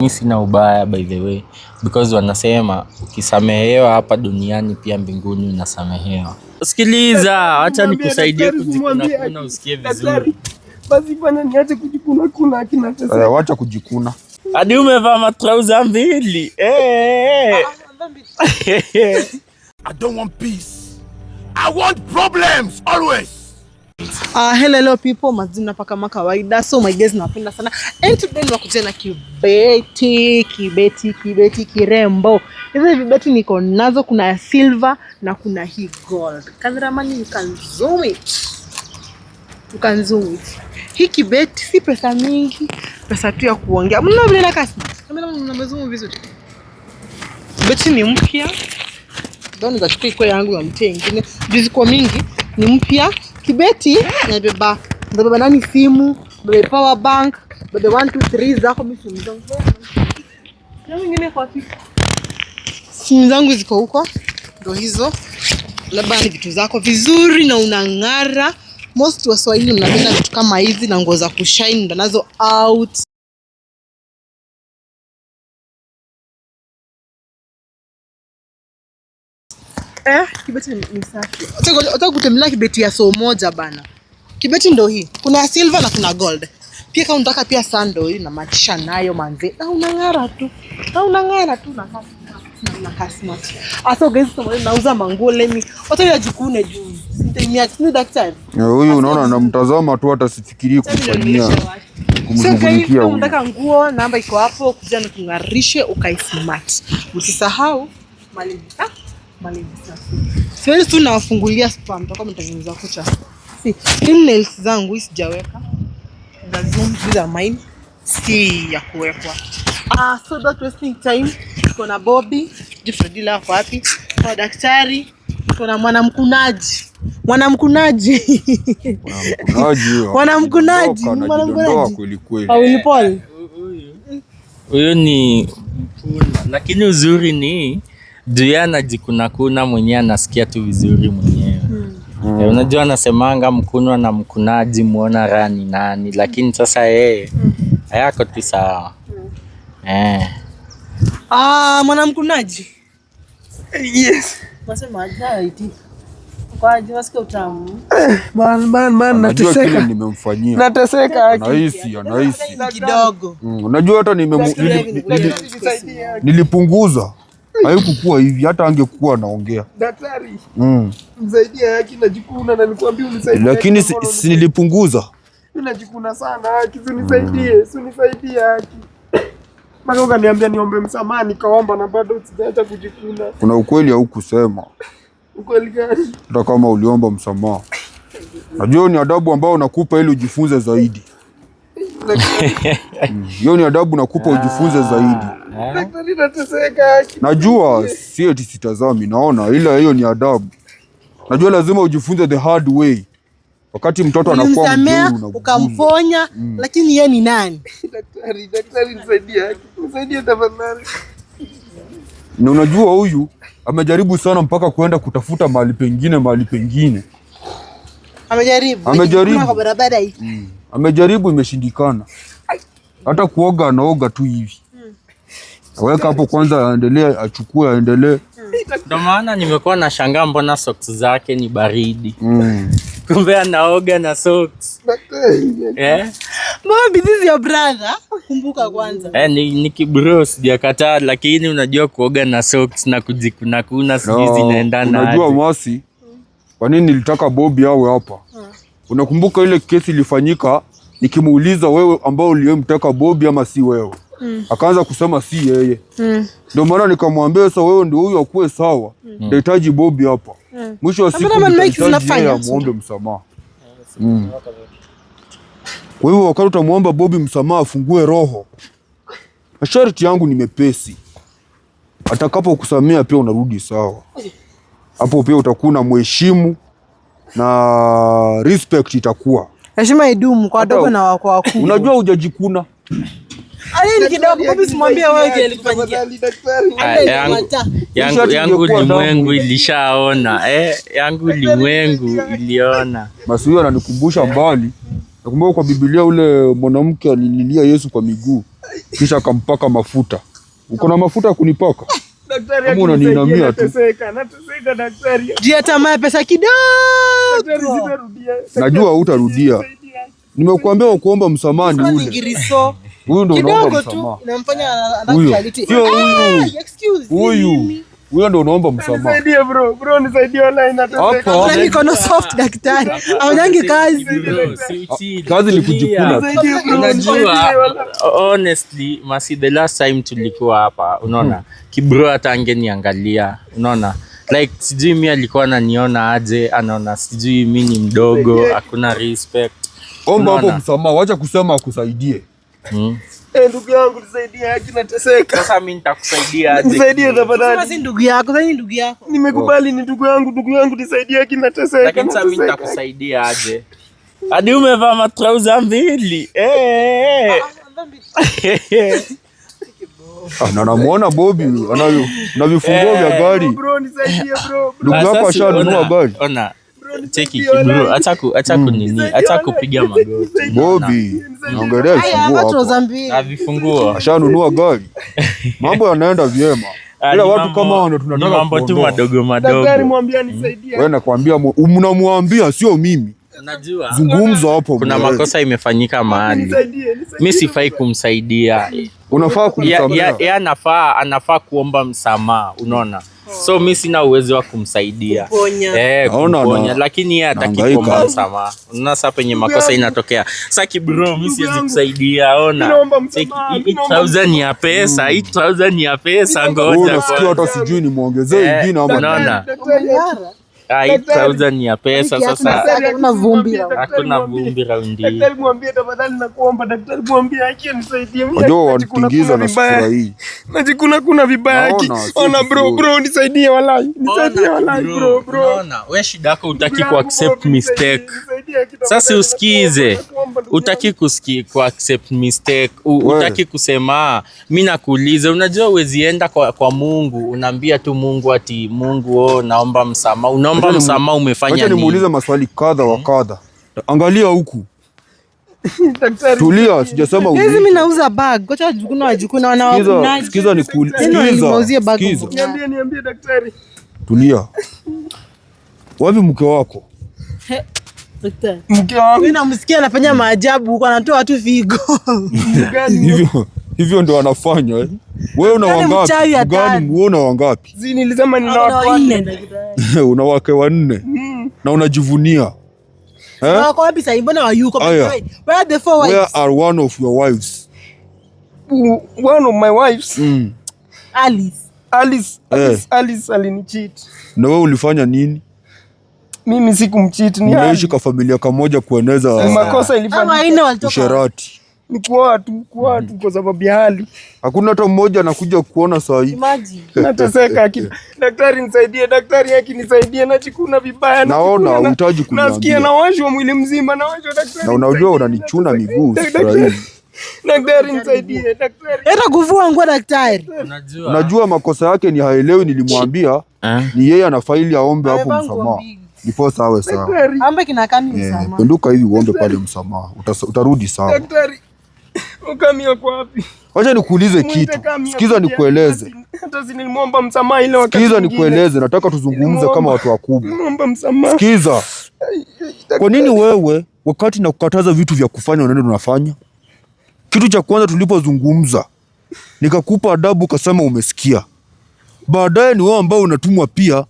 Mi sina ubaya by the way because wanasema ukisamehewa hapa duniani pia mbinguni unasamehewa. Sikiliza, acha nikusaidie kujikuna usikie vizuri. Basi bwana, niache kujikuna kuna kina tesa. Eh, acha kujikuna. Hadi umevaa matrauza mbili. Eh. I don't want peace. I want problems always. Uh, hello, hello people, mazina paka kama kawaida. So my guys, napenda sana and today nimekuja na kibeti kibeti kibeti kirembo. Hizi vibeti niko nazo, kuna ya silver na kuna hii gold. Kameramani, you can zoom it. You can zoom it. Hii kibeti si pesa mingi, pesa tu ya kuongea. Mna vile na kasi. mna mazumu vizuri. Kibeti ni mpya. Ndio nikachukua iko yangu ya mtu mwingine. Jiziko mingi ni mpya Kibeti nabeba nabeba nani simu, bebe power bank, bebe one two three zako. Simu zangu ziko huko, ndo hizo. Labda ni vitu zako vizuri na unang'ara. Most Waswahili mnapenda vitu kama hizi na nguo za kushine ndanazo out Eh, kibeti kutembelea kibeti ya so moja bana. Kibeti ndo hii. Kuna silver na kuna gold. Pia kama unataka pia sando hii na matisha nayo manze. Na ah, unang'ara tu. Na ah, unang'ara tu na eh, Huyu unaona namtazama tu hata sifikiri kufanyia. Kumshughulikia Unataka nguo namba iko hapo kuja na kungarishe ukaismart. Usisahau mali. Ah, Siwezi tu nawafungulia spa, mtakuwa mnatengeneza kucha. Si nails zangu hii sijaweka za mine, si ya kuwekwa. Ah, so that wasting time. Tuko na Bobby Jeffrey Dila kwa wapi? Kwa daktari tuko na mwanamkunaji mwanamkunaji mwanamkunaji mwanamkunaji huyo ni, lakini uzuri ni juu yeye anajikunakuna mwenyewe anasikia tu vizuri mwenyewe mm. E, unajua anasemanga mkunwa na mkunaji muona rani nani, lakini sasa yeye mm. hayako tu sawa mm. eh. Ah, mwanamkunaji yes. Unajua hata nilipunguza haikukuwa hivi, hata angekuwa anaongea daktari mm. msaidia haki na nikwambia unisaidie, lakini si nilipunguza sana haki haki mpaka ukaniambia niombe msamaha, nikaomba na bado sijaacha kujikuna. Kuna ukweli haukusema. Ukweli gani? hata kama uliomba msamaha Najua ni adabu ambao nakupa ili ujifunze zaidi. Mm. Hiyo ni adabu nakupa ujifunze zaidi. Daktari, nateseka. Najua sio eti sitazami, naona ila hiyo ni adabu. Najua lazima ujifunze the hard way. Wakati mtoto anakuwa mzuri ukamponya, mm. Lakini yeye ni nani? Daktari, daktari nisaidie, nisaidie tafadhali. Na unajua huyu amejaribu sana mpaka kuenda kutafuta mahali pengine, mahali pengine amejaribu, amejaribu kwa barabara hii, mm. amejaribu imeshindikana. Hata kuoga anaoga tu hivi aweka hapo kwanza, aendelee achukue, aendelee. Ndio maana nimekuwa na shangaa, mbona socks zake ni baridi? Mm. Kumbe anaoga na socks. Eh? Mama, this is your brother. Kumbuka kwanza. Eh, ni ni kibro sijakataa, lakini unajua kuoga na socks na kujikuna kuna sijui zinaendana. Unajua mwasi, kwa nini nilitaka Bobby awe hapa? Hmm. Unakumbuka ile kesi ilifanyika, nikimuuliza wewe ambao uliyemtaka Bobby ama si wewe? mm. akaanza kusema si yeye mm. Ndio maana nikamwambia sasa, wewe ndio huyo akuwe sawa, mm. mm. nahitaji Bobi hapa. Mm. Mwisho wa siku msamaha. Kwa hivyo wakati utamwomba Bobi msamaha, afungue roho. Masharti yangu ni mepesi, atakapo pia unarudi sawa. Hapo pia utakuwa na mheshimu na respect itakuwa heshima idumu kwa wadogo na kwa wakuu. Unajua hujajikuna Ah, eh, yangu limwengu ilishaona, eh, yangu limwengu iliona. Basi huyo ananikumbusha mbali. Nakumbuka kwa Biblia ule mwanamke alililia Yesu kwa miguu kisha akampaka mafuta. Uko na mafuta ya kunipaka? Kama unaniinamia tu. Jia tamaa pesa kidogo. Najua utarudia Nimekuambia kuomba msamaha ule. Huyu ndo unaomba msamaha. Ah, huyu huyo ndo unaomba msamaha. Nisaidie bro, bro nisaidie online nataka. Hapo niko soft daktari. Haunyangi kazi. Kazi ni kujikuna. Unajua honestly, masi the last time tulikuwa hapa, unaona? Hmm. Kibro hata angeniangalia, unaona? Like sijui mimi alikuwa ananiona aje, anaona sijui mimi ni mdogo, hakuna respect. Omba hapo msamaha, wacha kusema akusaidie. Hmm? Eh, ndugu yangu nisaidie, haki nateseka. Sasa mimi nitakusaidia aje? Nisaidie hmm. ndugu yako, sasa ndugu yako. Nimekubali ni ndugu yangu, ndugu yangu nisaidie, haki nateseka. Lakini sasa mimi nitakusaidia aje? Hadi umevaa matrauza mbili. Eh. eh, eh. Ah, na namuona vya gari. Ndugu yako ashanunua gari. Ona cheki kibro, kupiga magoti. Bobi, naongelea vifunguo vifunguo. Ashanunua gari. Mambo yanaenda vyema. Ila watu kama wana tunataka mambo tu madogo madogo. Daktari Wewe nakwambia, mnamwambia sio mimi najua zungumzo hapo, kuna makosa imefanyika mahali, mi sifai kumsaidia. Unafaa kumsamehe yeye, anafaa anafaa kuomba msamaha, unaona so mi sina uwezo wa kumsaidia eh, kuponya, lakini yeye hataki kuomba msamaha. Unaona, saa penye makosa inatokea. Sasa kibro, mi siwezi kusaidia. Ona, ni ya pesa hii, ni ya pesa. Ngoja, sijui nimuongezee ingine eh, ama ya pesa sasa. Hakuna vumbi, hakuna vumbi raundi Daktari mwambie tafadhali, nakuomba daktari mwambie aje nisaidie mimi. Unajua wanatingiza na sura hii. Najikuna kuna vibaya hiki. Ona bro bro, nisaidie walai. Nisaidie walai bro bro. Ona, wewe shida yako utaki ku accept mistake. Sasa usikize. kusikia ku accept mistake. kusema mimi ah, nakuuliza. Unajua uwezienda kwa, kwa Mungu unaambia tu Mungu ati Mungu, oh, naomba msamaha. Unaomba kwamba msamaha umefanya nini? nimuulize maswali kadha wa hmm? kadha. Angalia huku. Tulia, sijasema Mimi nauza bag. Kocha jukuna wa jukuna Sikiza Sikiza. Niambie, niambie daktari. Tulia. Wapi mke wako? Daktari. Mke wangu. Mimi namsikia anafanya maajabu huko, anatoa watu figo. Hivyo hivyo ndo wanafanya Wewe una yaani wangapi? Gani wewe una wangapi? Nilisema nina wanne. Una wake wanne mm. na unajivunia. Eh? Mm. eh. Na wewe ulifanya nini? Mimi sikumcheat ni. Unaishi kwa familia kamoja kueneza Usherati ni kuoa tu, kuoa mm-hmm. tu kwa sababu ya hali. Hakuna hata mmoja anakuja kuona saa hii. Imagine nateseka akili. Daktari nisaidie, daktari akinisaidie najikuna vibaya. Naona unahitaji kuniambia. Nasikia nawashwa mwili mzima, nawashwa daktari. Na unajua unanichuna miguu. Daktari nisaidie, daktari. Hata kuvua nguo daktari. Unajua. Unajua makosa yake ni haelewi, nilimwambia eh? ni yeye ana faili aombe hapo msamaha. Ndipo sawa sawa. Ambe kinakaa ni eh, msamaha. Penduka hivi uombe pale msamaha. Utarudi sawa. Daktari. Wacha nikuulize kitu. Sikiza nikueleze. Hata msamaha ile wakati. Sikiza nikueleze, nataka tuzungumze kama watu wakubwa. msamaha. Sikiza. Kwa nini wewe wakati nakukataza vitu vya kufanya unaenda unafanya? Kitu cha kwanza tulipozungumza nikakupa adabu, kasema umesikia. Baadaye ni wewe ambao unatumwa pia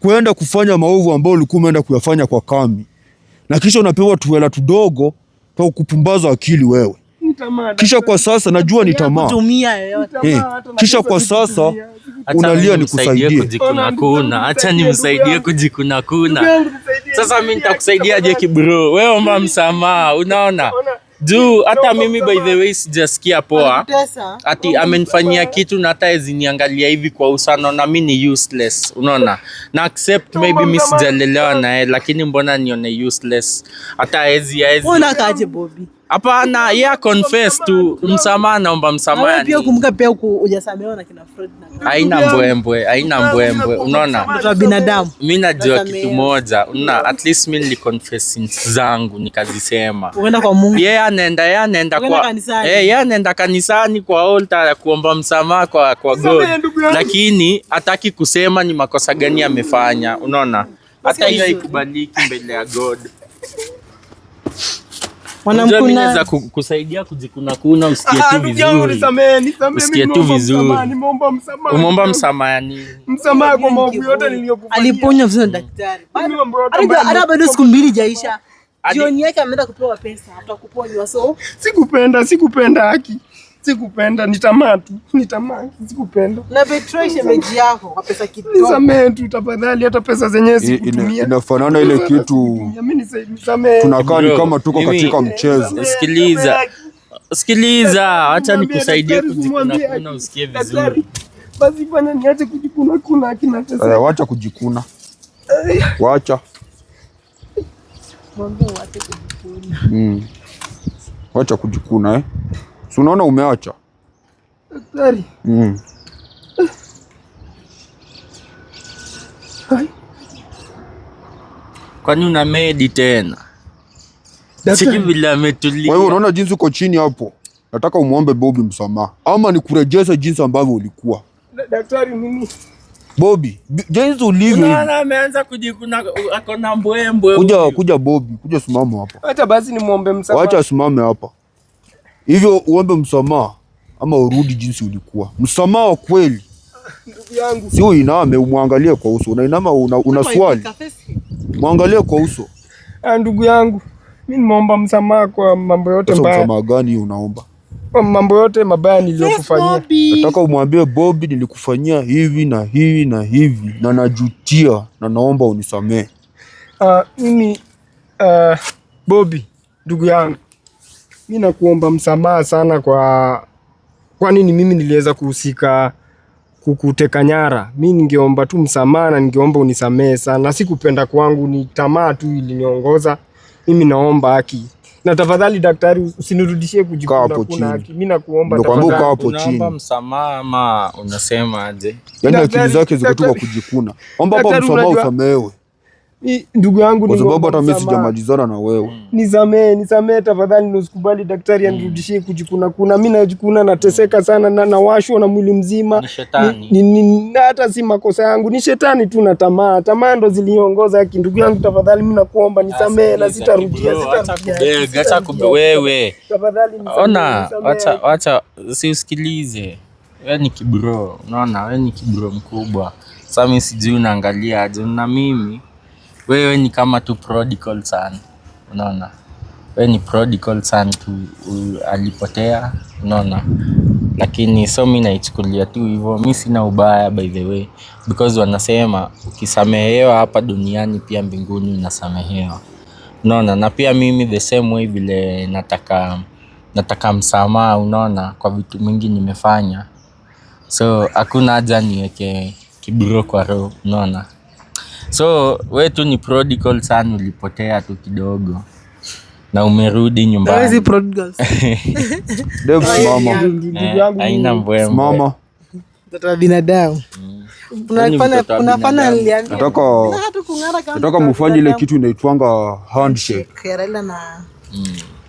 kwenda kufanya maovu ambayo ulikuwa umeenda kuyafanya kwa kami, na kisha unapewa tuela tudogo kwa kupumbaza akili wewe kisha kwa sasa najua ni tamaa. Eh, kisha kwa sasa unalia nikusaidie. Acha nimsaidie kujikuna kuna. Sasa mimi nitakusaidiaje kibro? Wewe omba msamaha, unaona? Juu hata mimi by the way sijasikia poa. Ati amenifanyia kitu na hata eziniangalia hivi kwa usano na mimi ni useless, unaona? Na accept maybe mimi sijalelewa naye lakini mbona nione useless? Hata ezi ezi. Unakaje Bobby? Hapana, yeye confess tu msamaha, naomba msamaha. Pia kumka pia huko hujasamehewa na kina Fred na haina mbwembwe, haina mbwembwe. Unaona Kwa binadamu, mimi najua kitu moja, una at least mimi ni confess zangu nikazisema. Uenda kwa Mungu, yeye anaenda, yeye anaenda kwa eh, yeye anaenda kanisani kwa altar ya kuomba msamaha kwa kwa God, lakini hataki kusema ni makosa gani amefanya. Unaona hata hiyo haikubaliki mbele ya God. Mwanamkuna za kusaidia kujikuna kuna, usikie tu ah, vizuri. Usikie tu vizuri. Umeomba msamaha nini? Msamaha kwa maovu yote niliyokufanyia. Aliponya vizuri mm. daktari. Hata bado siku mbili jaisha. Jioni yake ameenda kupewa pesa, atakuponywa so. Sikupenda, sikupenda haki. Sikupenda, ni tamaa tu, ni tamaa, sikupenda. Na betray shemeji yako kwa pesa kidogo. Nisamee tu tafadhali, hata pesa zenyewe sikutumia. Inafanana ile kitu. Tunakaa ni kama tuko katika mchezo. Sikiliza. Sikiliza, acha nikusaidie kujikuna kuna usikie vizuri. Basi fanya niache kujikuna kuna akina pesa. Eh, wacha kujikuna. Eh. Wacha. Mwambie wacha kujikuna. Mm. Wacha kujikuna eh. Si unaona umeacha. Daktari. Mm. Kwani una medi tena? Wewe unaona jinsi uko chini hapo. Nataka umuombe Bobby msamaha ama nikurejesha jinsi ambavyo ulikuwa. Daktari mimi. Bobby, jinsi ulivyo. Unaona ameanza kujikuna akona mbwembwe. Kuja kuja Bobby, kuja simama hapa. Acha basi nimuombe msamaha. Acha simame hapa hivyo uombe msamaha ama urudi jinsi ulikuwa. Msamaha wa kweli si uiname, umwangalie kwa uso. Unainama una, una swali, mwangalie kwa uso. Ah, ndugu yangu, mi nimeomba msamaha kwa mambo yote mbaya. Msamaha gani unaomba? Kwa mambo yote mabaya niliyokufanyia. Nataka umwambie Bobby, nilikufanyia hivi na hivi na hivi na najutia na naomba unisamehe. Uh, mimi uh, Bobby ndugu yangu mi nakuomba msamaha sana kwa kwa nini mimi niliweza kuhusika kukuteka nyara. Mi ningeomba tu msamaha na ningeomba unisamehe sana, si kupenda kwangu, ni tamaa tu iliniongoza. Mimi naomba haki na tafadhali daktari, usinirudishie kujikuna. Kuna haki, mimi nakuomba tafadhali. Uko hapo chini, naomba msamaha ama unasema aje? Yaani akili zake ziko tu kwa kujikuna. Omba msamaha usamehewe ndugu yangu, kwa sababu hata mimi sijamalizana na wewe. Mm. Nisamee, nisamee tafadhali, nusikubali daktari mm. anirudishie kujikuna kuna. Mimi najikuna nateseka sana na nawashwa na mwili mzima, hata si makosa yangu, ni shetani tu na tamaa. Tamaa ndo ziliongoza ki Ndugu yangu, tafadhali, mimi nakuomba nisamee na sitarudia, sitarudia. Wewe ona, acha acha, si usikilize wewe, ni kibro. Unaona wewe ni kibro mkubwa. Sasa mimi sijui unaangalia aje na mimi wewe ni kama tu prodigal son, unaona wewe ni prodigal son tu, alipotea unaona. Lakini so mi naichukulia tu hivyo, mi sina ubaya by the way, because wanasema ukisamehewa hapa duniani pia mbinguni unasamehewa, unaona. Na pia mimi the same way vile nataka nataka msamaha, unaona, kwa vitu mingi nimefanya, so hakuna haja niweke kiburo kwa roho, unaona. So wetu ni prodigal son, ulipotea tu kidogo na umerudi nyumbani. Eh, haina mbwembwe mm. yaani kutoka mufanye ile kitu inaitwanga handshake. Mm.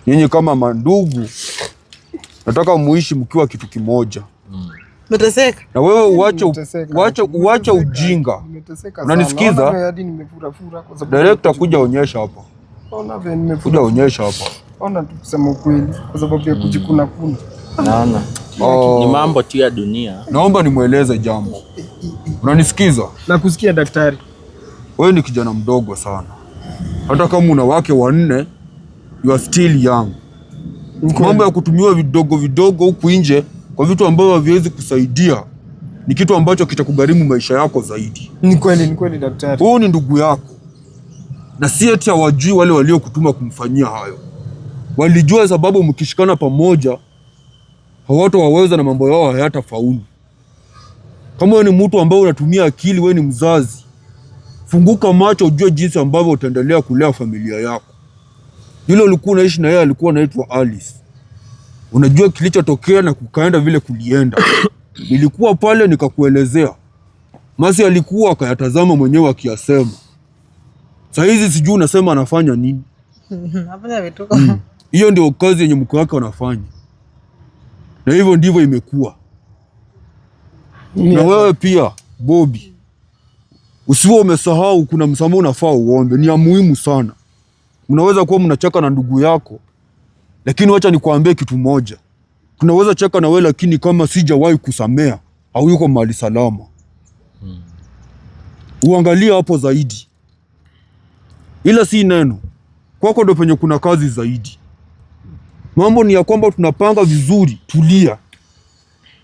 Nyinyi kama mandugu, nataka muishi mkiwa kitu kimoja mm. Umeteseka. Na wewe yaani uache uache yaani ujinga. Unanisikiza? Director kuja onyesha hapa. Ona vile nimefura. Kuja onyesha hapa. Ona tukusema ukweli kwa sababu ya mm. kujikuna kuna. Naona. Oh. Ni mambo tu ya dunia. Naomba nimweleze jambo. Eh, eh, eh, Unanisikiza? Na kusikia daktari. Wewe ni kijana mdogo sana. Hata kama una wake wanne, you are still young. Mambo ya kutumiwa vidogo vidogo huku nje kwa vitu ambavyo haviwezi kusaidia ni kitu ambacho kitakugharimu maisha yako zaidi. Ni kweli, ni kweli daktari. Huyu ni ndugu yako, na si eti hawajui wale waliokutuma kumfanyia hayo, walijua, sababu mkishikana pamoja waweza na mambo yao hayatafaulu. Kama wewe ni mtu ambaye unatumia akili, wewe ni mzazi, funguka macho, ujue jinsi ambavyo utaendelea kulea familia yako. Yule ulikuwa unaishi na yeye alikuwa anaitwa Alice unajua kilichotokea na kukaenda vile kulienda. Nilikuwa pale nikakuelezea. Masi alikuwa akayatazama mwenyewe akiyasema. Saa hizi sijui unasema anafanya nini? Anafanya vituko. Hmm. Hiyo ndio kazi yenye mke wake anafanya, na hivyo ndivyo imekuwa. Na wewe pia Bobi, usiwe umesahau kuna msamaha unafaa uombe, ni ya muhimu sana. Mnaweza kuwa mnachaka na ndugu yako lakini wacha nikuambie kitu moja, tunaweza cheka na wewe, lakini kama sijawahi kusamea au yuko mahali salama hmm. Uangalia hapo zaidi, ila si neno kwako ndo penye kuna kazi zaidi. Mambo ni ya kwamba tunapanga vizuri, tulia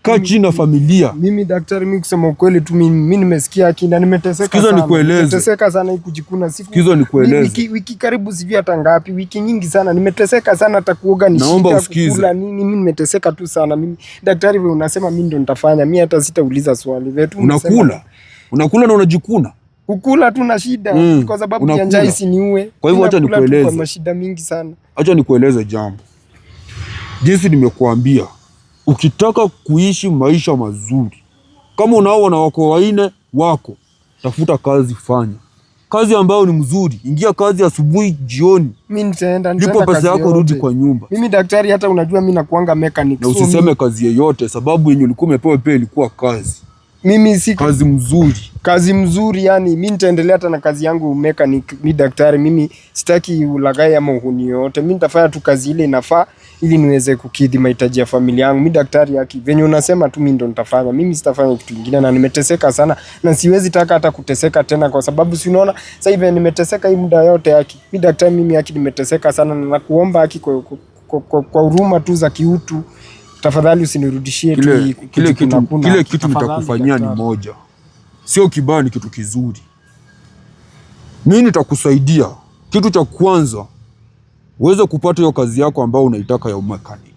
Kaa chini na familia. Mimi daktari, mimi kusema ukweli tu, mimi nimesikia akina, nimeteseka sana, Sikiza nikueleze, nimeteseka sana kujikuna siku. Sikiza nikueleze, wiki, wiki karibu sijui hata ngapi, wiki nyingi sana nimeteseka sana, hata kuoga ni shida, kula nini, mimi nimeteseka tu sana. Mimi daktari, wewe unasema mimi ndo nitafanya, mimi hata sitauliza swali wewe tu unakula, unakula na unajikuna ukula tu na shida mm, kwa sababu ya njaa isiniue. Kwa hivyo acha nikueleze, kwa mashida mingi sana acha nikueleze jambo, jinsi nimekuambia Ukitaka kuishi maisha mazuri, kama unaona wako waine wako, tafuta kazi, fanya kazi ambayo ni mzuri, ingia kazi asubuhi, jioni, lipo pesa yako, rudi kwa nyumba. Mimi daktari, hata unajua mimi nakuanga mechanic, na usiseme kazi yeyote, sababu yenye ulikuwa umepewa pia ilikuwa kazi mimi si kazi mzuri, kazi mzuri yani, mi nitaendelea hata na kazi yangu mechanic, ni, daktari mimi. Sitaki ulagai ama uhuni yote, mi nitafanya tu kazi ile inafaa, ili niweze kukidhi mahitaji ya familia yangu. Mi daktari yaki venye unasema tu, mi ndo nitafanya, mimi sitafanya kitu kingine, na nimeteseka sana na siwezi taka hata kuteseka tena, kwa sababu si unaona sasa hivi nimeteseka hii muda yote yaki. Mi daktari mimi yaki, nimeteseka sana na nakuomba yaki, kwa huruma tu za kiutu Tafadhali usinirudishie kile, kile kitu, kile kitu nitakufanyia ni moja, sio kibaya, ni kitu kizuri. Mimi nitakusaidia kitu cha kwanza uweze kupata hiyo kazi yako ambayo unaitaka ya mechanic,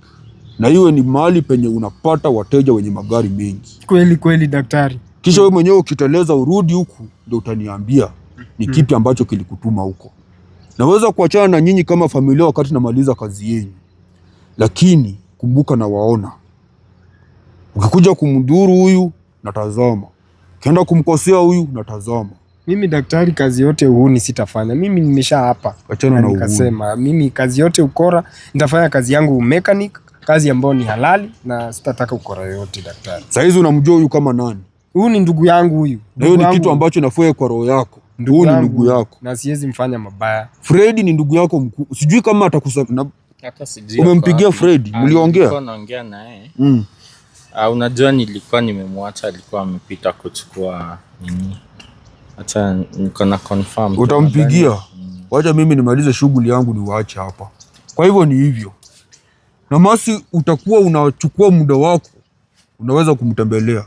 na iwe ni mahali penye unapata wateja wenye magari mengi kweli kweli, daktari. Kisha wewe mwenyewe ukiteleza urudi huku, ndio utaniambia ni hmm. kipi ambacho kilikutuma huko. Naweza kuachana na nyinyi kama familia wakati namaliza kazi yenu, lakini nawakumbuka na waona. Ukikuja kumdhuru huyu natazama, ukienda kumkosea huyu natazama. Mimi daktari, kazi yote uhuni sitafanya. Mimi nimesha hapa, achana na nikasema, mimi kazi yote ukora nitafanya kazi yangu mechanic, kazi ambayo ni halali na sitataka ukora yote daktari. Sasa hizi unamjua huyu kama nani? Huyu ni ndugu yangu huyu. hiyo ni kitu ambacho nafua kwa roho yako. Huyu ni ndugu yako na siwezi mfanya mabaya. Fredi ni ndugu yako mkuu, sijui kama atakusa Umempigia Fred? Ah, Mliongea? naongea naye mm. Uh, unajua nilikuwa nimemwacha, alikuwa amepita kuchukua nini. Acha niko na confirm. Utampigia? Mm. Wacha mimi nimalize shughuli yangu niwaache hapa. Kwa hivyo ni hivyo, na masi utakuwa unachukua muda wako, unaweza kumtembelea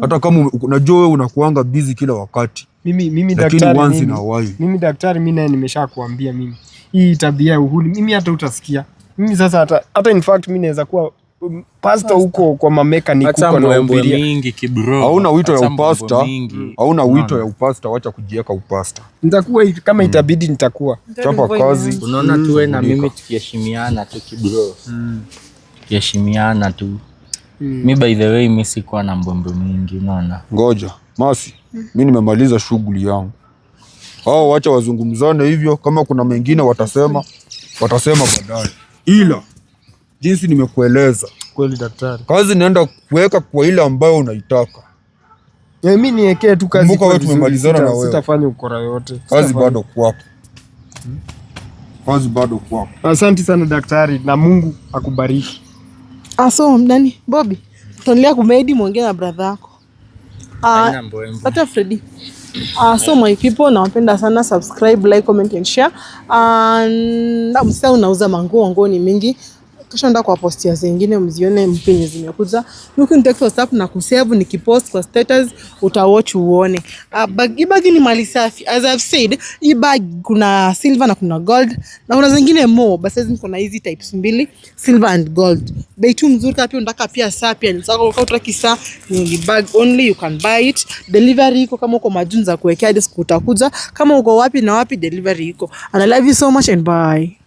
hata kama unajua wewe unakuanga busy kila wakati mimi mimi daktari mimi, mimi daktari mimi naye nimeshakuambia mimi hii tabia ya uhuni mimi hata utasikia mimi sasa hata, hata in fact mimi naweza kuwa um, pasta huko kwa mameka ni kuko na mbili mingi kibro. Hauna wito ya upasta, mm. hauna wito ya upasta, wacha kujiweka upasta. Nitakuwa kama mm. itabidi nitakuwa chapa kazi. Unaona mm. tuwe na mimi tukiheshimiana tu kibro mm. tukiheshimiana tu mm. mi by the way mi sikuwa na mbwembwe mingi, unaona. Ngoja masi mi nimemaliza shughuli yangu. Hao wacha wazungumzane hivyo, kama kuna mengine watasema watasema baadaye, ila jinsi nimekueleza kweli daktari, kazi naenda kuweka kwa ile ambayo unaitaka. E, mi niwekee tu kazi. Kumbuka wewe tumemalizana na wewe, sitafanya ukora yote, kazi bado kwako hmm? kazi bado kwako. Asante sana daktari, na Mungu akubariki. Aso ah, mdani Bobby, tonlea kumeidi, mwongea na brother yako hata Fredi. Uh, so my people nawapenda sana, subscribe, like, comment and share. Uh, ah, msa unauza manguo, nguo ni mingi kisha nenda kwa postia zingine mzione mpya yenye zimekuja. Ukinitag WhatsApp na kusave nikipost kwa status utawatch uone. Ah, bagi bagi ni mali safi. As I've said, hii bag kuna silver na kuna gold na kuna zingine more. Basi hizi kuna hizi types mbili, silver and gold. Bei tu mzuri kapi pia pia safi. ni yaani sako kwa utaki saa ni bag only you can buy it. Delivery iko kama uko majunza kuwekea hadi siku utakuja. Kama uko wapi na wapi delivery iko. And I love you so much and bye.